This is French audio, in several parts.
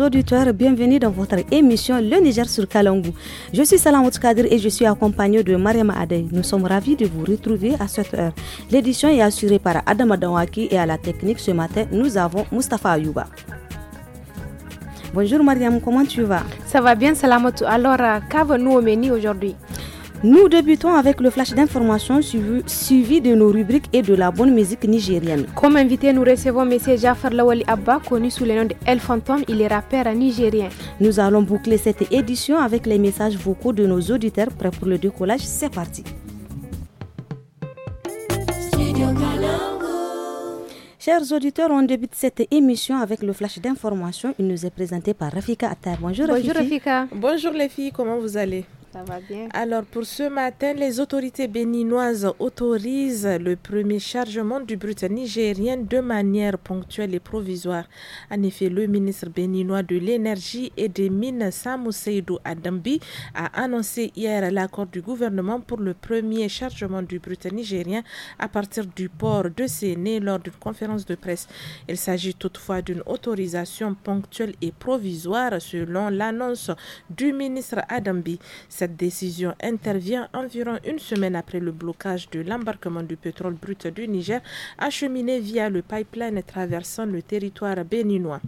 auditeurs, bienvenue dans votre émission Le Niger sur Kalangou. Je suis Salamot Kadir et je suis accompagnée de Mariam Adey. Nous sommes ravis de vous retrouver à cette heure. L'édition est assurée par Adam Adawaki et à la technique ce matin, nous avons Mustafa Ayouba. Bonjour Mariam, comment tu vas Ça va bien Salamot. Alors, euh, qu'avons-nous au menu aujourd'hui nous débutons avec le flash d'information suivi, de nos rubriques et de la bonne musique nigérienne. Comme invité, nous recevons M. Jafar Lawali Abba, connu sous le nom de El Il est rappeur nigérien. Nous allons boucler cette édition avec les messages vocaux de nos auditeurs prêts pour le décollage. C'est parti. Chers auditeurs, on débute cette émission avec le flash d'information. Il nous est présenté par Rafika Attar. Bonjour, Bonjour Rafika. Bonjour les filles, comment vous allez alors pour ce matin, les autorités béninoises autorisent le premier chargement du brut nigérien de manière ponctuelle et provisoire. En effet, le ministre béninois de l'énergie et des mines Samu Seydou Adambi a annoncé hier l'accord du gouvernement pour le premier chargement du brut nigérien à partir du port de Séné lors d'une conférence de presse. Il s'agit toutefois d'une autorisation ponctuelle et provisoire selon l'annonce du ministre Adambi. Cette décision intervient environ une semaine après le blocage de l'embarquement du pétrole brut du Niger acheminé via le pipeline traversant le territoire béninois.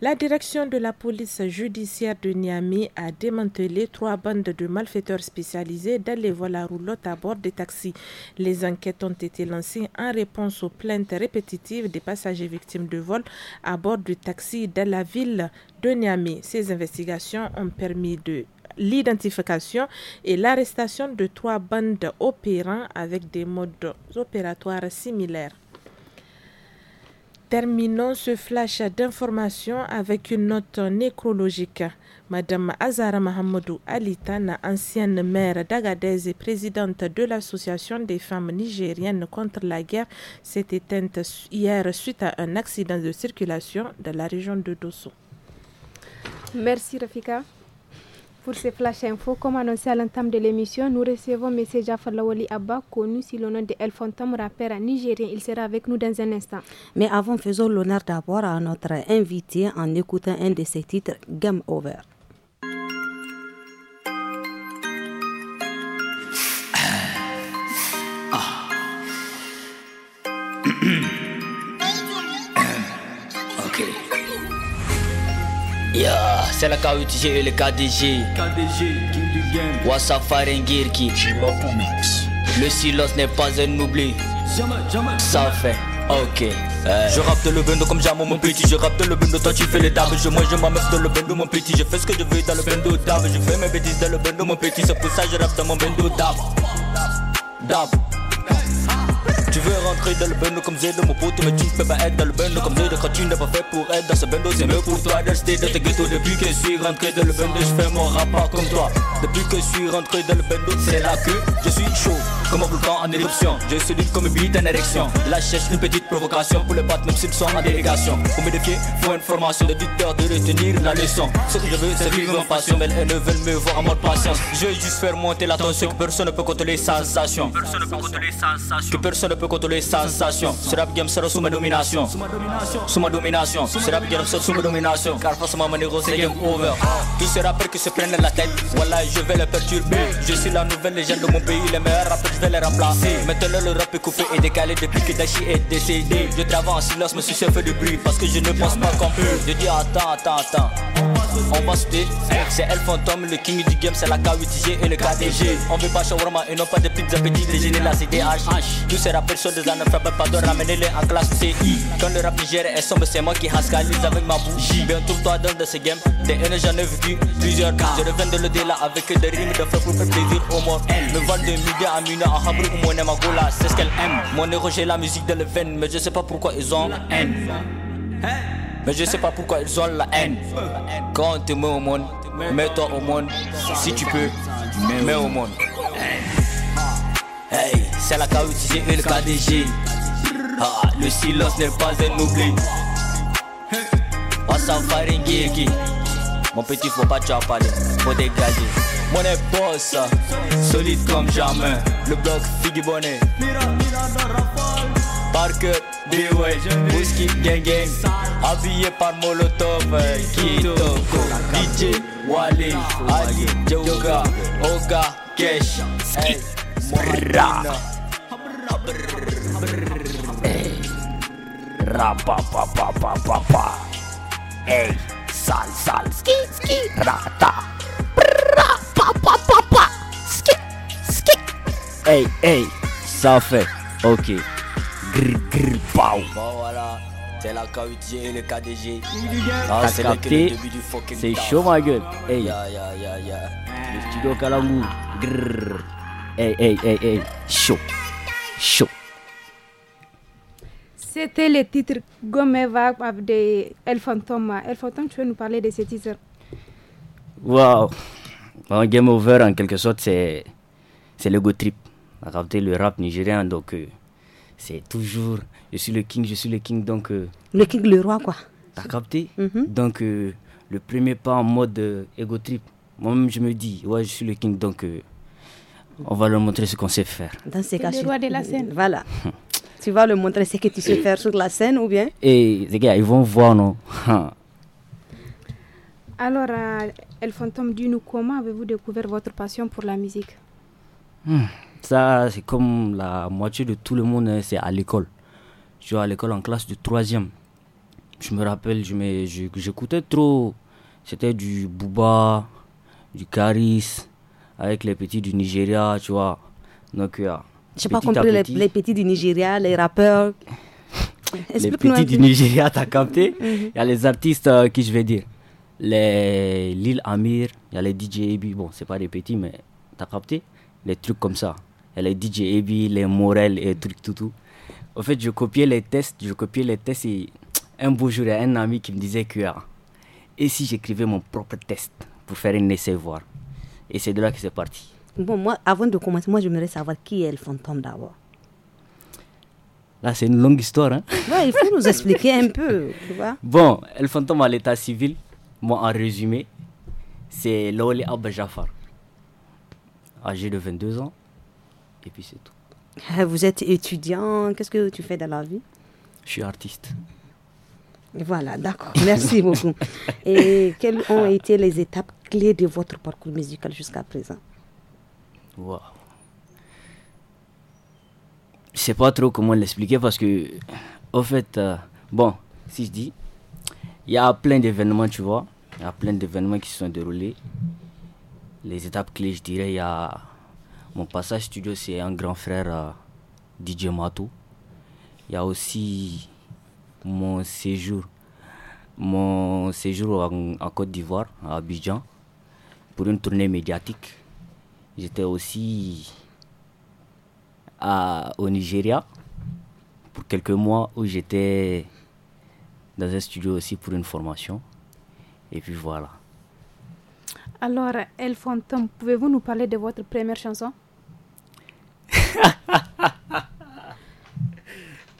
La direction de la police judiciaire de Niamey a démantelé trois bandes de malfaiteurs spécialisés dans les vols à roulotte à bord des taxis. Les enquêtes ont été lancées en réponse aux plaintes répétitives des passagers victimes de vols à bord du taxi dans la ville de Niamey. Ces investigations ont permis de l'identification et l'arrestation de trois bandes opérant avec des modes opératoires similaires. Terminons ce flash d'information avec une note nécrologique. Madame Azara Mahamoudou Alitana, ancienne maire d'Agadez et présidente de l'Association des femmes nigériennes contre la guerre, s'est éteinte hier suite à un accident de circulation dans la région de Dosso. Merci Rafika. Pour ce flash info, comme annoncé à l'entame de l'émission, nous recevons M. Jafar Lawali Abba, connu sous le nom de El Fantom, rappeur nigérien. Il sera avec nous dans un instant. Mais avant, faisons l'honneur d'abord à notre invité en écoutant un de ses titres, Game Over. Yeah, c'est la k et le KDG. KDG, King du Game. Wassafar Ngirki. Le silence n'est pas un oubli. Jamais, Ça fait. Ok, je rappe le bendo comme j'aime mon petit. Je rappe le bendo, toi tu fais les dames Je, moi je m'amuse dans le bendo, mon petit. Je fais ce que je veux dans le bendo dame. Je fais mes bêtises dans le bendo, mon petit. C'est pour ça que je rappe dans mon bendo dab. Dab. Tu veux rentrer dans le bando comme Zed, mon pote, mais tu ne peux pas être dans le bando comme Zed. Quand tu n'es pas fait pour être dans ce bando c'est mieux pour toi d'acheter dans tes ghettos. Depuis que je suis rentré dans le bendo, je fais mon rapport comme toi. Depuis que je suis rentré dans le bendo, c'est là que je suis chaud. Comme un volcan en éruption, je libre comme une bite en érection. Là, je cherche une petite provocation pour les battre, même s'ils sont en délégation. Pour me défier, faut une formation de de retenir la leçon. Ce que je veux, c'est vivre ma passion, mais elles ne veulent me voir en mode patience. Je veux juste faire monter la tension, que personne ne peut contrôler sensation. Personne ne peut contrôler sensation. Que contre les sensations Ce rap game sera sous ma domination. Sous ma domination. Ce rap game sera sous ma domination. Car forcément, mon héros, c'est game over. Qui ces rappeurs qui se prennent la tête, voilà, je vais les perturber. Je suis la nouvelle légende de mon pays, les meilleurs rappeurs, je vais les remplacer. Maintenant, le rap est coupé et décalé depuis que Dashi est décédé. Je travaille en silence, mais suis ça fait de bruit, parce que je ne pense pas qu'on puisse. Je dis attends, attends, attends. On va sauter, c'est El Fantôme, le king du game, c'est la K8G et le KDG. On veut pas vraiment et non pas de pizzas petit les la CDH Tous ces avec des années pas de ramener les en classe CI. Quand le rap est sombre, c'est moi qui hascalise avec ma bougie. Bien, trouve-toi dans de ces games, des j'en ai vécu plusieurs cas. Je reviens de le là avec des rimes de faire pour faire plaisir aux morts. Me vend de midi à minuit en Hambourg ou mon ma gola, c'est ce qu'elle aime. Mon héros, j'ai la musique de le veine, mais je sais pas pourquoi ils ont la haine. Hein? Mais je sais pas pourquoi ils ont la haine. Quand tu mets au monde, mets-toi au monde. Si tu peux, mets au monde. Hey, c'est la KU si j'ai le KDG. Ah, le silence n'est pas un oubli. On s'en qui Mon petit, faut pas tu parler, faut dégager. Mon boss, solide comme jamais. Le bloc Figgy Bonnet. Parker, D-Way, Bouski Gang Gang. Habillé par Molotov, Kitoko, DJ, Wally, Ali, Joga, Oga Kesh. Hey, sal, sal, ski, ski, rata. Hey, hey, ça fait. Ok. Grr, grr, C'est la le KDG. Ah, la C'est chaud, ma gueule. Hey hey, hey, hey, hey, chaud, chaud. C'était le titre Gomeva de El Phantom. El tu veux nous parler de ce titre Wow Game Over, en quelque sorte, c'est, c'est le go trip. capté le rap nigérien, donc euh, c'est toujours je suis le king, je suis le king, donc. Euh, le king, le roi, quoi. T'as capté mhm. Donc, euh, le premier pas en mode ego trip. Moi-même, je me dis, ouais, je suis le king, donc on va leur montrer ce qu'on sait faire. Dans ces cas, de la euh, scène. Voilà. tu vas leur montrer ce que tu sais faire sur la scène ou bien Et les gars, ils vont voir, non Alors, euh, El Fantôme, dis-nous comment avez-vous découvert votre passion pour la musique hmm. Ça, c'est comme la moitié de tout le monde, hein, c'est à l'école. Je suis à l'école en classe de troisième. Je me rappelle, je j'écoutais trop. C'était du Booba, du Caris, avec les petits du Nigeria, tu vois. Donc, euh, j'ai pas compris les, petits du Nigeria, les rappeurs. les petits du Nigeria, t'as capté mhm. Il y a les artistes euh, qui je vais dire. Les Lil Amir, il y a les DJ Ebi, bon, c'est pas des petits, mais t'as capté Les trucs comme ça. Il y a les DJ Ebi, les Morel et trucs tout, tout. En fait, je copiais les tests, je copiais les tests et un beau jour, il y a un ami qui me disait que. Ah, et si j'écrivais mon propre test pour faire un essai voir et c'est de là que c'est parti. Bon, moi, avant de commencer, moi, j'aimerais savoir qui est le fantôme d'abord. Là, c'est une longue histoire. Hein? il faut nous expliquer un peu. Tu vois? Bon, El fantôme à l'état civil, moi, en résumé, c'est Loli Abba Jafar, âgé de 22 ans. Et puis, c'est tout. Ah, vous êtes étudiant. Qu'est-ce que tu fais dans la vie Je suis artiste. Voilà, d'accord. Merci beaucoup. Et quelles ont été les étapes clé de votre parcours musical jusqu'à présent Waouh Je sais pas trop comment l'expliquer parce que, au fait, euh, bon, si je dis, il y a plein d'événements, tu vois. Il y a plein d'événements qui se sont déroulés. Les étapes clés, je dirais, il y a mon passage studio, c'est un grand frère euh, DJ Mato. Il y a aussi mon séjour, mon séjour en Côte d'Ivoire, à Abidjan pour une tournée médiatique. J'étais aussi au Nigeria pour quelques mois où j'étais dans un studio aussi pour une formation. Et puis voilà. Alors, El Fantôme, pouvez-vous nous parler de votre première chanson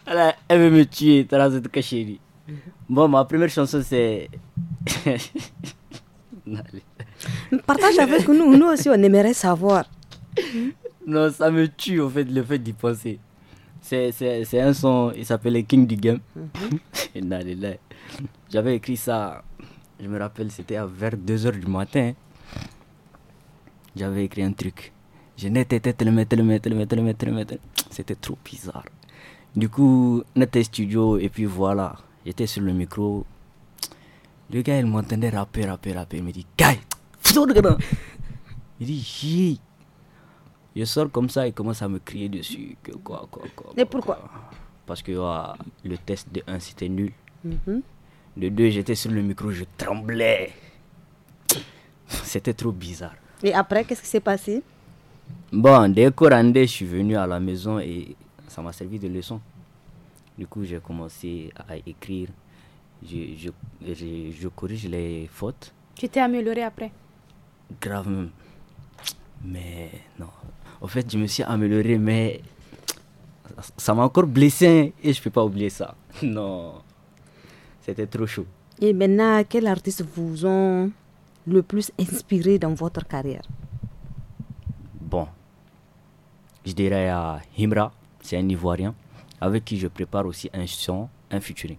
elle veut me tuer, Bon, ma première chanson, c'est. Partage avec nous, nous aussi on aimerait savoir. Non, ça me tue en fait le fait d'y penser. C'est un son, il s'appelle King du Game. Mhm. J'avais écrit ça, je me rappelle, c'était à vers 2h du matin. J'avais écrit un truc. Je n'étais C'était trop bizarre. Du coup, notre studio, et puis voilà. J'étais sur le micro. Le gars, il m'entendait rapper, rapper, rapper. Il me dit, Guy, il dit, Je sors comme ça, il commence à me crier dessus. Que quoi, quoi, quoi. Mais pourquoi Parce que ah, le test de 1, c'était nul. Mm-hmm. De 2, j'étais sur le micro, je tremblais. C'était trop bizarre. Et après, qu'est-ce qui s'est passé Bon, dès que je suis venu à la maison et ça m'a servi de leçon. Du coup, j'ai commencé à écrire. Je, je, je, je corrige les fautes. Tu t'es amélioré après grave Mais non. En fait, je me suis amélioré, mais ça m'a encore blessé hein, et je peux pas oublier ça. Non. C'était trop chaud. Et maintenant, quels artistes vous ont le plus inspiré dans votre carrière Bon. Je dirais à Himra, c'est un Ivoirien, avec qui je prépare aussi un son, un featuring.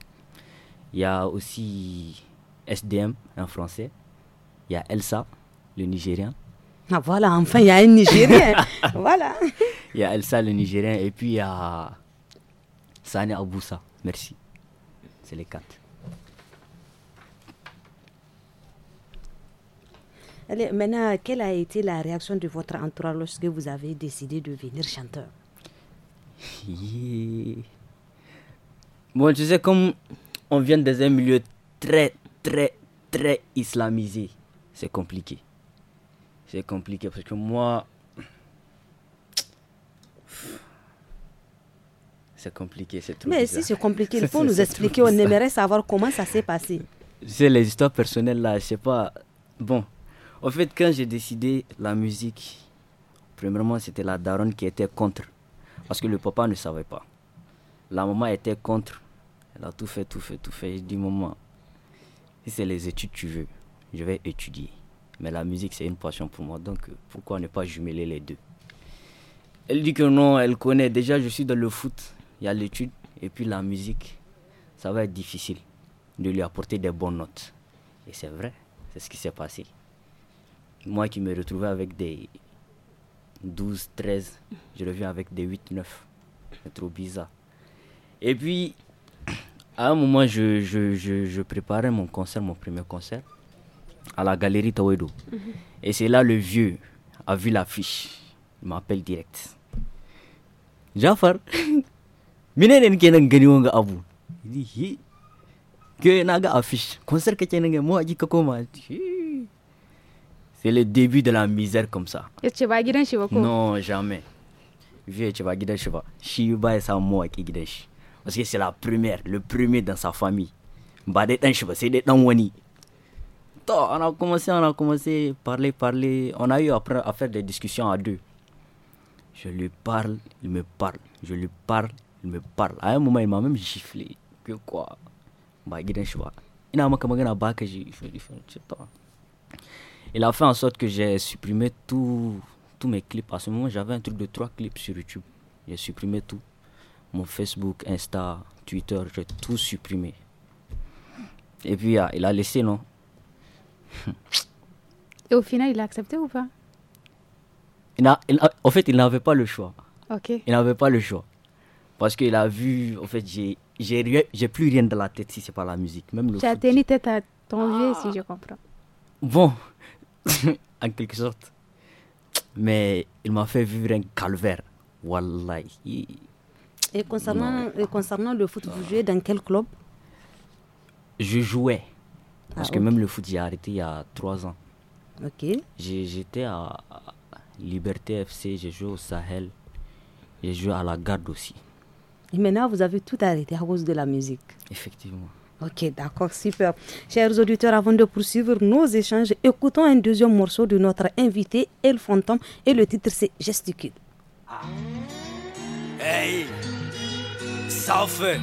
Il y a aussi SDM, un Français. Il y a Elsa, le Nigérien. Ah, voilà, enfin, il y a un Nigérien. voilà. Il y a Elsa, le Nigérien, et puis il y a Sane Aboussa. Merci. C'est les quatre. Allez, maintenant, quelle a été la réaction de votre entourage lorsque vous avez décidé de devenir chanteur Bon, je sais, comme on vient dans un milieu très, très, très islamisé, c'est compliqué. C'est compliqué parce que moi, c'est compliqué, c'est trop. Mais si c'est compliqué, il faut nous expliquer. On aimerait savoir comment ça s'est passé. C'est les histoires personnelles là, je sais pas. Bon, en fait, quand j'ai décidé la musique, premièrement, c'était la daronne qui était contre, parce que le papa ne savait pas. La maman était contre. Elle a tout fait, tout fait, tout fait. J'ai dis maman, si c'est les études tu veux, je vais étudier. Mais la musique, c'est une passion pour moi, donc euh, pourquoi ne pas jumeler les deux Elle dit que non, elle connaît. Déjà, je suis dans le foot, il y a l'étude, et puis la musique. Ça va être difficile de lui apporter des bonnes notes. Et c'est vrai, c'est ce qui s'est passé. Moi qui me retrouvais avec des 12, 13, je reviens avec des 8, 9. C'est trop bizarre. Et puis, à un moment, je, je, je préparais mon concert, mon premier concert à la galerie Tawedo. Mm -hmm. Et c'est là le vieux a vu l'affiche. Il m'appelle direct. Jafar, mine kenan gani wanga abu. Il dit que naga affiche. Concert que kenan mo aji ka koma. C'est le début de la misère comme ça. Et tu vas chez shi Non, jamais. Vieux tu vas guider chez shi ba. Shi ba sa mo aki qui shi. Parce que c'est la première, le premier dans sa famille. Ba dai dan shi ba, sai dan wani. On a commencé, on a commencé, parler, parler. On a eu après à faire des discussions à deux. Je lui parle, il me parle. Je lui parle, il me parle. À un moment, il m'a même giflé. Que quoi Bah, Il a Il a fait en sorte que j'ai supprimé tous mes clips. À ce moment, j'avais un truc de trois clips sur YouTube. J'ai supprimé tout. Mon Facebook, Insta, Twitter, j'ai tout supprimé. Et puis, ah, il a laissé, non et au final, il a accepté ou pas il En fait, il n'avait pas le choix. Ok. Il n'avait pas le choix. Parce qu'il a vu, en fait, j'ai, plus rien dans la tête si c'est pas la musique. Même le tu as tenu tête à ton ah. si je comprends. Bon, en quelque sorte. Mais il m'a fait vivre un calvaire. Wallahi. Et concernant, et concernant le foot, vous jouez dans quel club Je jouais parce ah, que même le foot, j'ai arrêté il y a trois ans. Ok. J'étais à Liberté FC, j'ai joué au Sahel, j'ai joué à la garde aussi. Et maintenant, vous avez tout arrêté à cause de la musique. Effectivement. Ok, d'accord, super. Chers auditeurs, avant de poursuivre nos échanges, écoutons un deuxième morceau de notre invité, El Fantôme, et le titre c'est Gesticule. Ah. Hey, ça fait.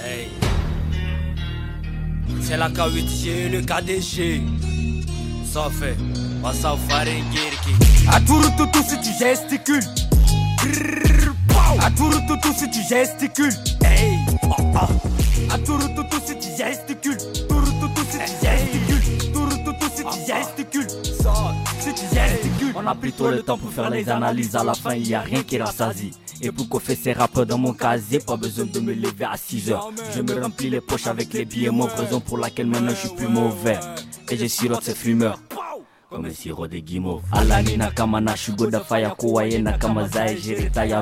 Hey. C'est la K8G, le KDG. Ça fait, va s'en faire un A tour tout tout si tu gesticules. A tour tout tout si tu gesticules. Hey, oh, oh. A tour tout tout si tu gesticules. Tour tout tout si tu gesticules. Tour tout tout si tu gesticules plutôt le temps pour faire les analyses. À la fin, y a rien qui rassasie. Et pour qu'on fait ces rappeurs dans mon casier, pas besoin de me lever à 6 h Je me remplis les poches avec les billets, mon raison pour laquelle maintenant je suis plus mauvais. Et je sirote ces fumeurs. comme siro de guimauve alani nakamana, da faya kowa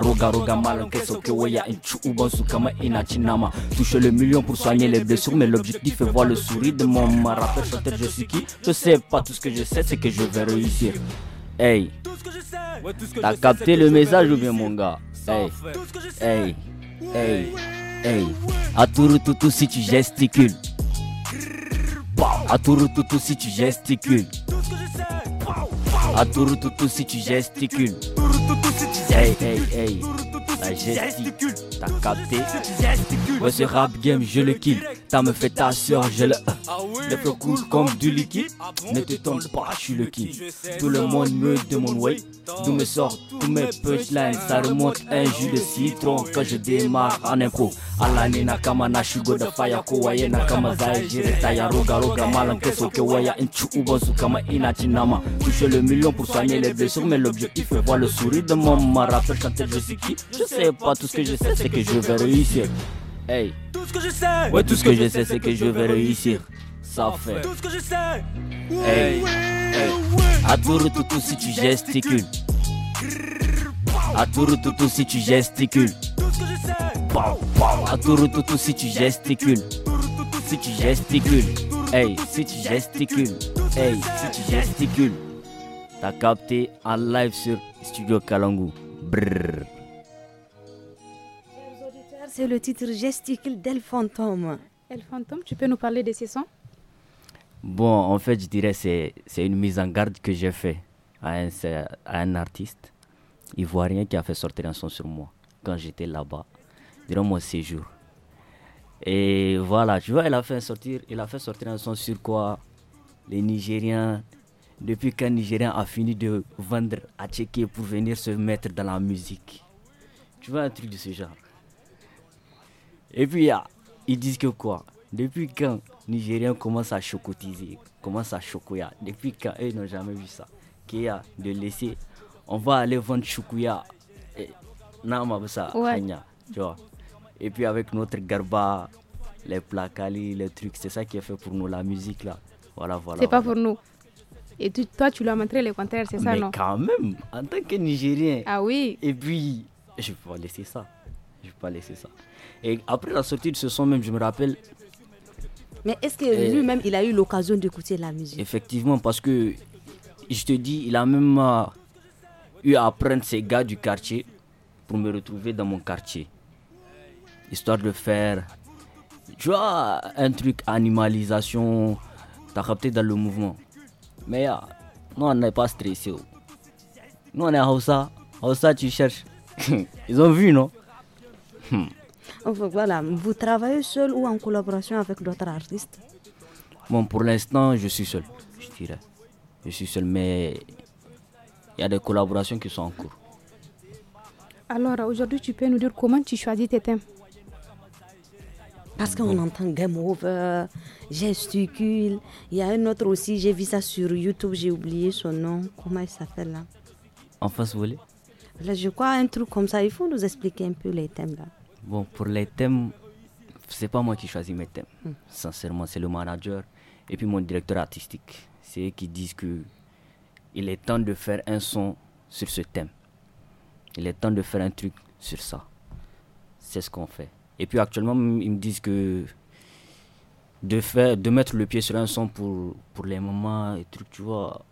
roga roga touche le million pour soigner les blessures mais l'objectif est voir le sourire de mon rappeur chanteur je suis qui je sais pas tout ce que je sais c'est que je vais réussir Hey, t'as capté le message ou bien mon gars Hey, hey, hey, hey. A tout tout si tu gesticules. A tout tout si tu gesticules. À tout tout si tu gesticules. Hey, hey, hey. La gesticule, t'as capté. Moi ce rap game, je le kill. T'as me fait ta soeur, j'ai le ah Le Les comme du liquide ah Ne te tombe pas, je suis le qui Tout le monde me demande ouais, D'où me sort tous mes punchlines Ça remonte un jus de citron Quand je démarre en impro alani nakama kama na shugo da faya kowa nakama kama zai jire roga roga ke kama ina le million pour soigner les blessures mais il fait voir le sourire de mon ma rappeur quand je sais qui je sais pas tout ce que je sais c'est que je vais réussir Hey. Tout ce que je sais. Ouais, tout ce que, je sais, c'est que, je vais réussir. Ça fait. Tout ce que je sais. Hey. Hey. Adore si tu gesticules. À tout si tu gesticules. Tout ce que je sais. tout si tu gesticules. Si tu gesticules. Hey, si tu gesticules. Hey, si tu gesticules. T'as capté en live sur Studio Kalangu. Brrr c'est le titre gesticule d'El Fantôme. El Fantôme, tu peux nous parler de ces sons Bon, en fait, je dirais c'est c'est une mise en garde que j'ai fait à un, un artiste ivoirien qui a fait sortir un son sur moi quand j'étais là-bas durant mon séjour. Et voilà, tu vois, il a fait sortir, il a fait sortir un son sur quoi les Nigériens, depuis qu'un Nigérien a fini de vendre à Tchéquie pour venir se mettre dans la musique. Tu vois, un truc de ce genre. Et puis, ah, ils disent que quoi Depuis quand Nigériens commencent à chocotiser, commencent à chocoya Depuis quand Ils n'ont jamais vu ça Qu'il y a de laisser, on va aller vendre chocoya. Eh, tu vois Et puis avec notre garba, les placali, les trucs, c'est ça qui est fait pour nous, la musique là. Voilà, voilà. C'est pas pour nous. Et toi, tu lui as montré le contraire, c'est ça, non Mais quand même, en tant que Nigérien. Ah oui. Et puis, je vais pas laisser ça. Je pas laisser ça. Et après la sortie de ce son, même, je me rappelle. Mais est-ce que eh. lui-même, il a eu l'occasion d'écouter la musique Effectivement, parce que je te dis, il a même euh, eu à prendre ses gars du quartier pour me retrouver dans mon quartier. Histoire de faire, tu vois, un truc animalisation, t'as capté dans le mouvement. Mais euh, non on n'est pas stressé. Oh. Nous, on est à Hausa. ça tu cherches. Ils ont vu, non Hmm. voilà, vous travaillez seul ou en collaboration avec d'autres artistes Bon, pour l'instant, je suis seul, je dirais. Je suis seul, mais il y a des collaborations qui sont en cours. Alors, aujourd'hui, tu peux nous dire comment tu choisis tes thèmes parce qu'on entend Game Over, Gesticule. Il y a un autre aussi, j'ai vu ça sur YouTube, j'ai oublié son nom. Comment il s'appelle là En face volée Là, je crois un truc comme ça. Il faut nous expliquer un peu les thèmes là. Bon, pour les thèmes, c'est pas moi qui choisis mes thèmes. Hmm. Sincèrement, c'est le manager et puis mon directeur artistique. C'est eux qui disent qu'il est temps de faire un son sur ce thème. Il est temps de faire un truc sur ça. C'est ce qu'on fait. Et puis actuellement, ils me disent que de faire, de mettre le pied sur un son pour, pour les moments et trucs, tu vois,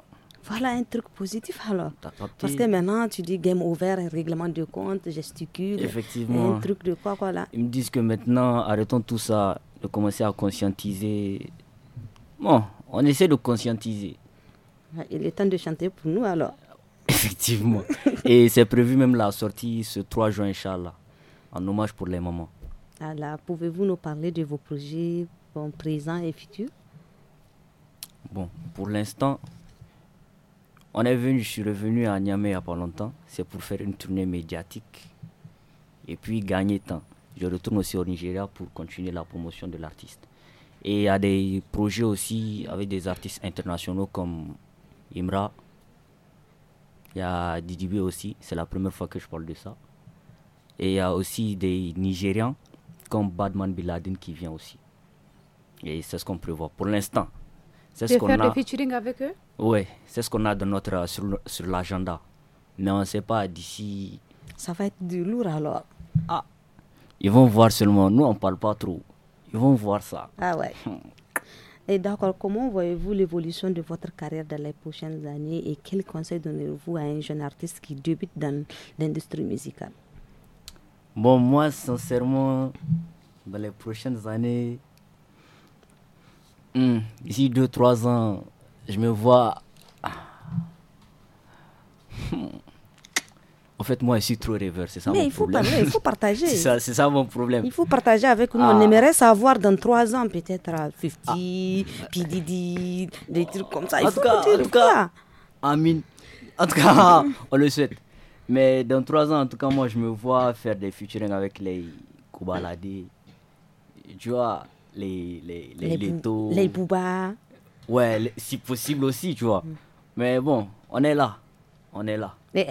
voilà un truc positif alors. Parce que maintenant, tu dis game over, règlement de compte, gesticule. Effectivement. Un truc de quoi, voilà. Ils me disent que maintenant, arrêtons tout ça, de commencer à conscientiser. Bon, on essaie de conscientiser. Il est temps de chanter pour nous alors. Effectivement. Et c'est prévu même la sortie ce 3 juin, Inch'Allah, en hommage pour les mamans. Alors, pouvez-vous nous parler de vos projets bon, présents et futurs Bon, pour l'instant, on est venu, je suis revenu à Niamey il pas longtemps. C'est pour faire une tournée médiatique et puis gagner temps. Je retourne aussi au Nigeria pour continuer la promotion de l'artiste. Et il y a des projets aussi avec des artistes internationaux comme Imra. Il y a Didibé aussi, c'est la première fois que je parle de ça. Et il y a aussi des Nigérians comme Badman Biladin qui vient aussi. Et c'est ce qu'on prévoit pour l'instant. C'est ce qu'on a. des featuring avec eux oui, c'est ce qu'on a dans notre, euh, sur, sur l'agenda. Mais on ne sait pas d'ici. Ça va être du lourd alors. Ah, ils vont voir seulement. Nous, on ne parle pas trop. Ils vont voir ça. Ah ouais. Hmm. Et d'accord, comment voyez-vous l'évolution de votre carrière dans les prochaines années et quels conseils donnez-vous à un jeune artiste qui débute dans l'industrie musicale Bon, moi, sincèrement, dans les prochaines années, hmm, d'ici deux 3 ans, je me vois. Ah. En fait, moi, je suis trop rêveur, c'est ça Mais mon il faut problème. Mais il faut partager. c'est, ça, ça, mon problème. Il faut partager avec nous. On ah. aimerait savoir dans trois ans, peut-être, 50, ah. PDD, des trucs comme ça. en tout cas, en tout cas, Amine, en tout cas, on le souhaite. Mais dans trois ans, en tout cas, moi, je me vois faire des featuring avec les Koubaladi. Tu vois, les, les, les, les, les, les Bouba. Ouais, si possible aussi, tu vois. Mm. Mais bon, on est là. On est là. Mais,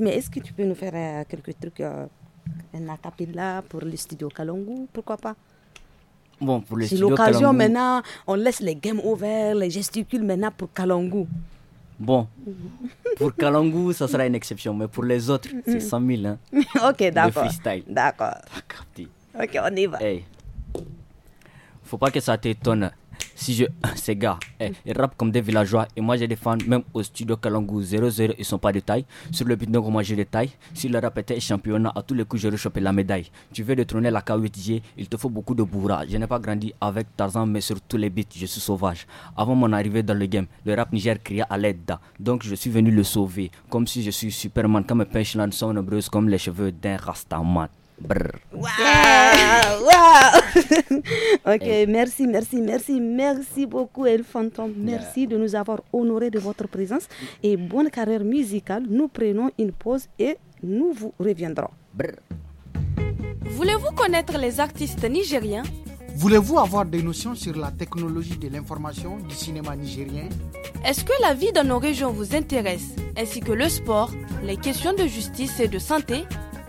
mais est-ce que tu peux nous faire euh, quelques trucs, euh, un acapella pour le studio Kalangu Pourquoi pas Bon, pour le C'est l'occasion maintenant, on laisse les games ouverts, les gesticules maintenant pour Kalangu. Bon, pour Kalangu, ça sera une exception, mais pour les autres, mm. c'est 100 000. Hein, ok, d'accord. Le freestyle. D'accord. Ok, on y va. Hey. Faut pas que ça t'étonne. Si je. Ces gars, eh, ils rappent comme des villageois. Et moi, j'ai des fans, même au studio Kalangu 00, ils sont pas de taille. Sur le beat, donc moi, j'ai des tailles. Si le rap était championnat, à tous les coups, je chopé la médaille. Tu veux détrôner la K8G, il te faut beaucoup de bourra. Je n'ai pas grandi avec Tarzan, mais sur tous les beats, je suis sauvage. Avant mon arrivée dans le game, le rap Niger cria à l'aide. Donc, je suis venu le sauver. Comme si je suis Superman, quand mes punchlines sont nombreuses comme les cheveux d'un Rastaman. Wow. ok, merci, merci, merci, merci beaucoup, El Merci de nous avoir honoré de votre présence. Et bonne carrière musicale. Nous prenons une pause et nous vous reviendrons. Voulez-vous connaître les artistes nigériens Voulez-vous avoir des notions sur la technologie de l'information du cinéma nigérien Est-ce que la vie dans nos régions vous intéresse, ainsi que le sport, les questions de justice et de santé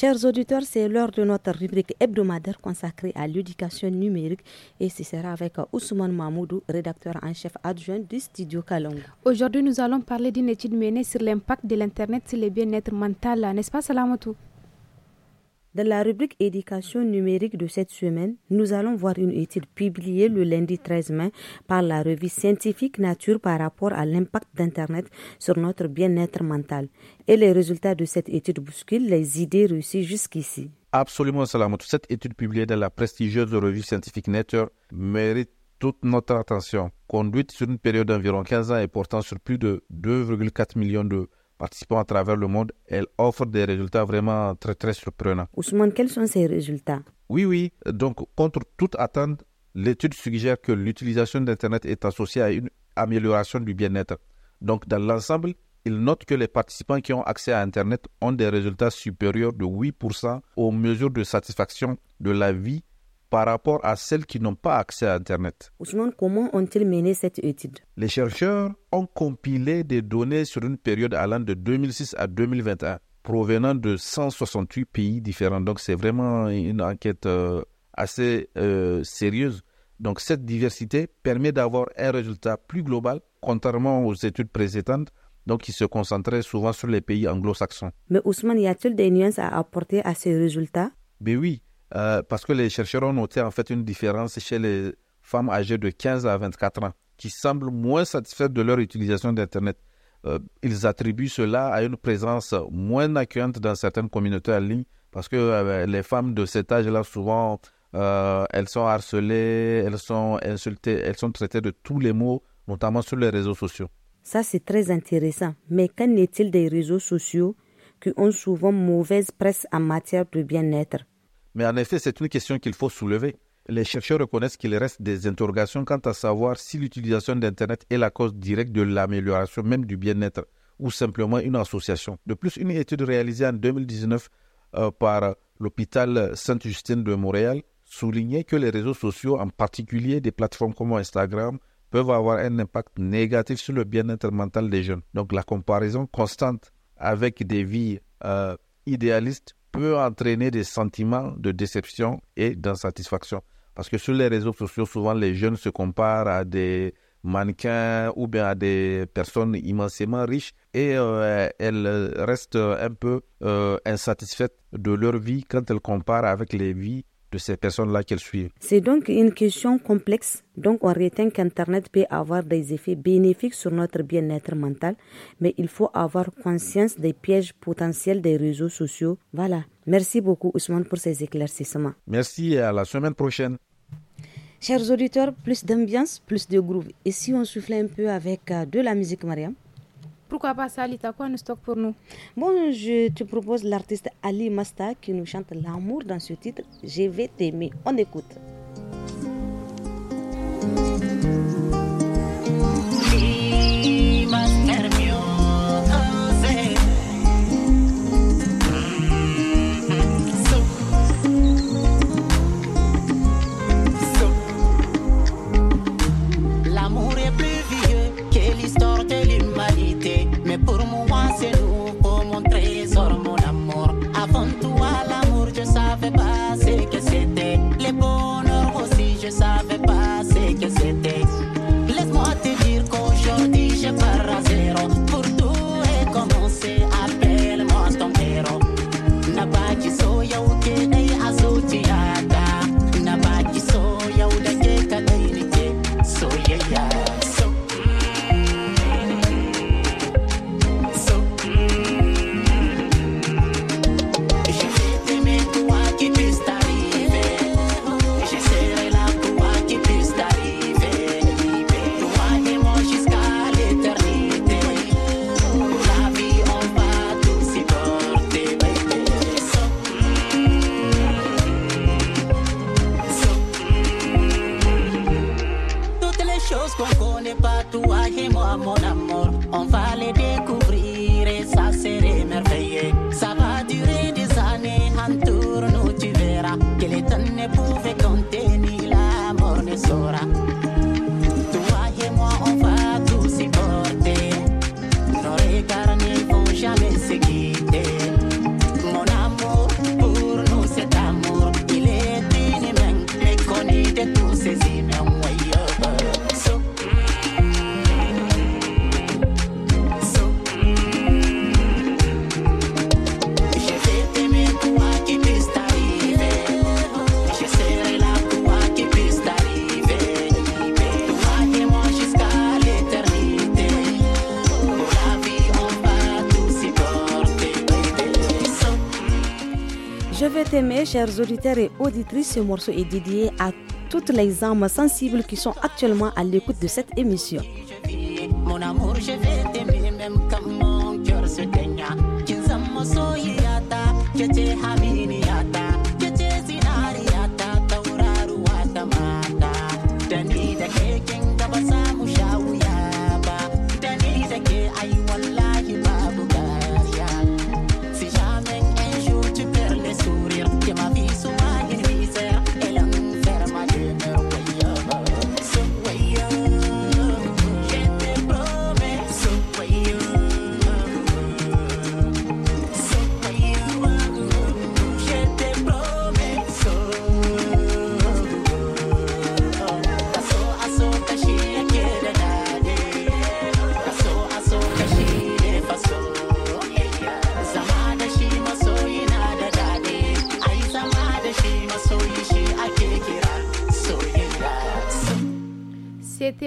Chers auditeurs, c'est l'heure de notre rubrique hebdomadaire consacrée à l'éducation numérique et ce sera avec Ousmane Mahmoudou, rédacteur en chef adjoint du studio Kalong. Aujourd'hui, nous allons parler d'une étude menée sur l'impact de l'Internet sur le bien-être mental, n'est-ce pas tout. Dans la rubrique éducation numérique de cette semaine, nous allons voir une étude publiée le lundi 13 mai par la revue scientifique Nature par rapport à l'impact d'Internet sur notre bien-être mental. Et les résultats de cette étude bousculent les idées reçues jusqu'ici. Absolument, Salamot. Cette étude publiée dans la prestigieuse revue scientifique Nature mérite toute notre attention. Conduite sur une période d'environ 15 ans et portant sur plus de 2,4 millions de participants à travers le monde, elle offre des résultats vraiment très, très surprenants. Ousmane, quels sont ces résultats Oui, oui. Donc, contre toute attente, l'étude suggère que l'utilisation d'Internet est associée à une amélioration du bien-être. Donc, dans l'ensemble, il note que les participants qui ont accès à Internet ont des résultats supérieurs de 8% aux mesures de satisfaction de la vie par rapport à celles qui n'ont pas accès à Internet. Ousmane, comment ont-ils mené cette étude Les chercheurs ont compilé des données sur une période allant de 2006 à 2021, provenant de 168 pays différents. Donc c'est vraiment une enquête euh, assez euh, sérieuse. Donc cette diversité permet d'avoir un résultat plus global, contrairement aux études précédentes donc qui se concentraient souvent sur les pays anglo-saxons. Mais Ousmane, y a-t-il des nuances à apporter à ces résultats Ben oui, euh, parce que les chercheurs ont noté en fait une différence chez les femmes âgées de 15 à 24 ans, qui semblent moins satisfaites de leur utilisation d'Internet. Euh, ils attribuent cela à une présence moins accueillante dans certaines communautés en ligne, parce que euh, les femmes de cet âge-là, souvent, elles sont harcelées, elles sont insultées, elles sont traitées de tous les maux, notamment sur les réseaux sociaux. Ça, c'est très intéressant. Mais qu'en est-il des réseaux sociaux qui ont souvent mauvaise presse en matière de bien-être mais en effet, c'est une question qu'il faut soulever. Les chercheurs reconnaissent qu'il reste des interrogations quant à savoir si l'utilisation d'Internet est la cause directe de l'amélioration même du bien-être ou simplement une association. De plus, une étude réalisée en 2019 euh, par l'hôpital Sainte-Justine de Montréal soulignait que les réseaux sociaux, en particulier des plateformes comme Instagram, peuvent avoir un impact négatif sur le bien-être mental des jeunes. Donc la comparaison constante avec des vies euh, idéalistes peut entraîner des sentiments de déception et d'insatisfaction. Parce que sur les réseaux sociaux, souvent les jeunes se comparent à des mannequins ou bien à des personnes immensément riches et euh, elles restent un peu euh, insatisfaites de leur vie quand elles comparent avec les vies de ces personnes-là qu'elles suivent. C'est donc une question complexe. Donc on retient qu'Internet peut avoir des effets bénéfiques sur notre bien-être mental, mais il faut avoir conscience des pièges potentiels des réseaux sociaux. Voilà. Merci beaucoup Ousmane pour ces éclaircissements. Merci et à la semaine prochaine. Chers auditeurs, plus d'ambiance, plus de groove. Et si on soufflait un peu avec euh, de la musique, Mariam pourquoi pas ça, Quoi nous stock pour nous Bon, je te propose l'artiste Ali Masta qui nous chante l'amour dans ce titre Je vais t'aimer. On écoute. Mes chers auditeurs et auditrices, ce morceau est dédié à toutes les âmes sensibles qui sont actuellement à l'écoute de cette émission.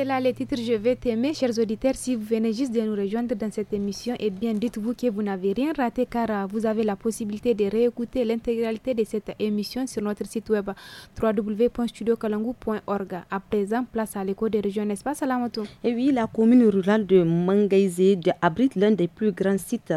C'est là les titres Je vais t'aimer, chers auditeurs. Si vous venez juste de nous rejoindre dans cette émission, eh bien, dites-vous que vous n'avez rien raté car euh, vous avez la possibilité de réécouter l'intégralité de cette émission sur notre site web www.studiocalangou.org. À présent, place à l'écho des régions, n'est-ce pas, Salamatou Et eh oui, la commune rurale de Mangaizé abrite l'un des plus grands sites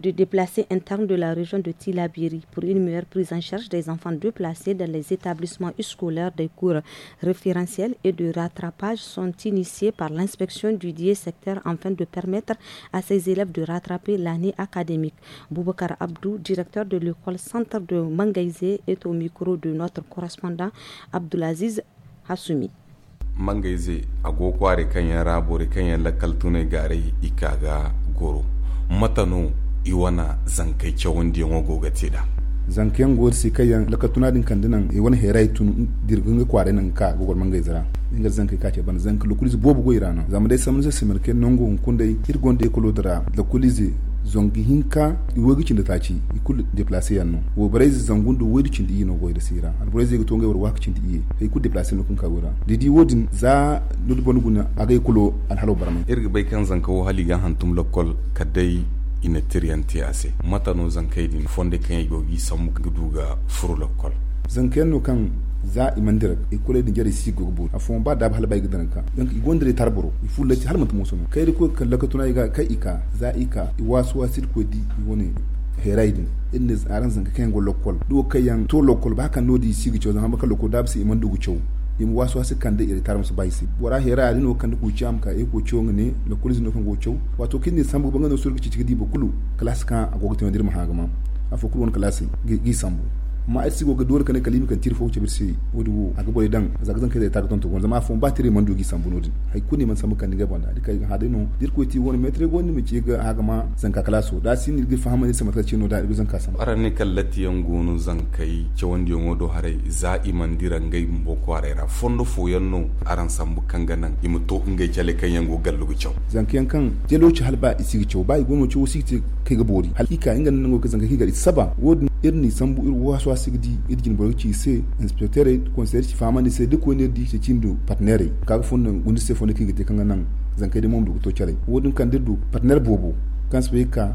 de déplacer internes de la région de Tilabiri pour une meilleure prise en charge des enfants déplacés dans les établissements scolaires des cours référentiels et de rattrapage sont initiés par l'inspection du dié secteur afin de permettre à ces élèves de rattraper l'année académique. Boubacar Abdou, directeur de l'école Centre de Mangaïsé, est au micro de notre correspondant Abdulaziz Hassoumi. Mangaïsé, à Gokware, Kanyara, Bore, Kaltune, Ikaga, Goro. Matano, i wana zankai kyawun da yawan goga da zankiyan gor si kayan laka tuna din kandinan wani herai tun dirgin ga kware nan ka gogor manga izara inga zanki ka ce ban zanki lukulizi bobu go irana zamu dai samun sai simirke nongo kundai irgon dai kolodra lukulizi zongi hinka iwogi cin cinda ta ci ikul deplacer yanno wo braizi zangun do wodi cin di no goyda sira al braizi go tonga wor wak cin di ye kai ku deplacer no kun ka gora didi wodin za lul bonu guna agay kulo alhalo halo barama irga bay kan zanka wo hali ga hantum kadai ina tiryanti ase matano din fonde kan gogi samu guduga zan kai no kan za imandira i kule din jari si a afon ba da hal bai gidan ka dan i gondire tarboro i fullaci hal mutum musu kai ko kallaka lakatuna iga kai ika za ika i wasu wasil ko di i woni heraidin inda tsarin zanka kayan go lokol do kayan to lokol ba ka nodi di sigi cewa zan ba kan lokol da ba su iman dugu cewa yim wasu wasu kan da iritar musu wara hera ali no kan da kuci ka e ko ne la kulis no kan go wato kin sambu banga sur kici cigi di bokulu class kan agogo mahagama afo kulwon class gi sambu ma ai sigo ga dole kana kalimi kan tirfo ce birse wudu aga bole dan zaga zan kai da tagaton to gonza ma fon ba tire man dogi sambu nodin hay kuni man samu kan ni gaban dika kai ha dino dir ko ti woni metre gonni mi ce ga aga ma zan ka kala da sin ga fahama sama ta ce no da zan ka sam aranni kallati yan gonu zan kai ce wanda yan wodo hare za'i man diran gai mboko arera fondo fo no aran sambu kan imu to ngai jale kan yango gallugo chaw zan kan kan jelo ci halba isigi chaw bai gono ci wosi kai ga bori halika ingan nan go ka zan kai gari saba wodin irni sambu ir waso to sigdi idgin boyo ci se inspecteur e conseiller ci famande se de ko di ci cindo partenaire ka fon nan gundi se fon ki gite kan nan zankai de mom du to cari wodun kan de partenaire bobo kan se ka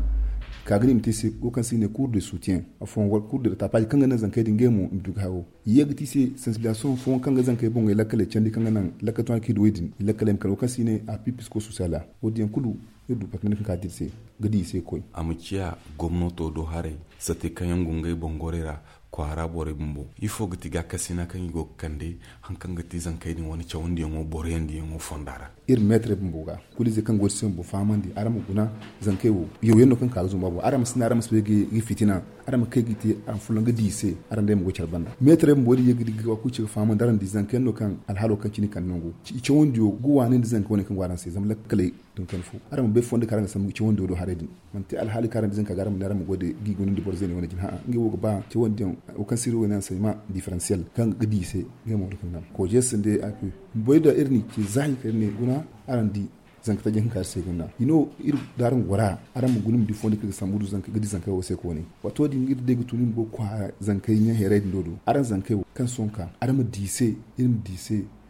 kagri mti se ko kan sine cours de soutien afon wal cours de tapal kanga nan zankai dinge mu mdu hawo yeg ti se sensibilisation fon kanga zankai bonga e la kale chandi kanga nan la ki do edin la kale mkan kan sine api pisko sociala odien kulu edu patne kan kadir se gadi se koy amuciya gomnato do hare sate kanyan gungai bongorera ko hara bore bumbo il faut gati ga kasina kan kandi kande hankan gati tizan kai ni wani chawundi yango bore yandi yango fondara ir metre bumbo ga kulize kan gorsi bumbo famandi aram guna zan kai wo yo yendo kan ka zumba bo aram sina aram sbege gi fitina aram kai giti aram fulanga dise aram dem go banda metre bumbo di yegi gi ku ci famandi aram di zan kai no kan alhalo kan kini kan nongo ci chawundi yo guwanin di zan kai wani kan gwaran sai zam kale tun kan fu aram be fonde karanga samu ci wondo do haredi man te al hali karanga zinka garam naram de gi gunun di borzeni wona jin ha ngi wogo ba ci wondi o kan siru wona sayma differentiel kan gidi se ngi mo do kan ko jesende apu boy da erni ci zahi ferne guna arandi zanka ta jinka se guna you know ir darun wara aran mu gunum di foni kaga samudu zanka gidi zanka wose ko ne wato di ngir de gutu gutunin bo kwa zanka yin here dodo aran zanka kan sonka aran mu dise irin dise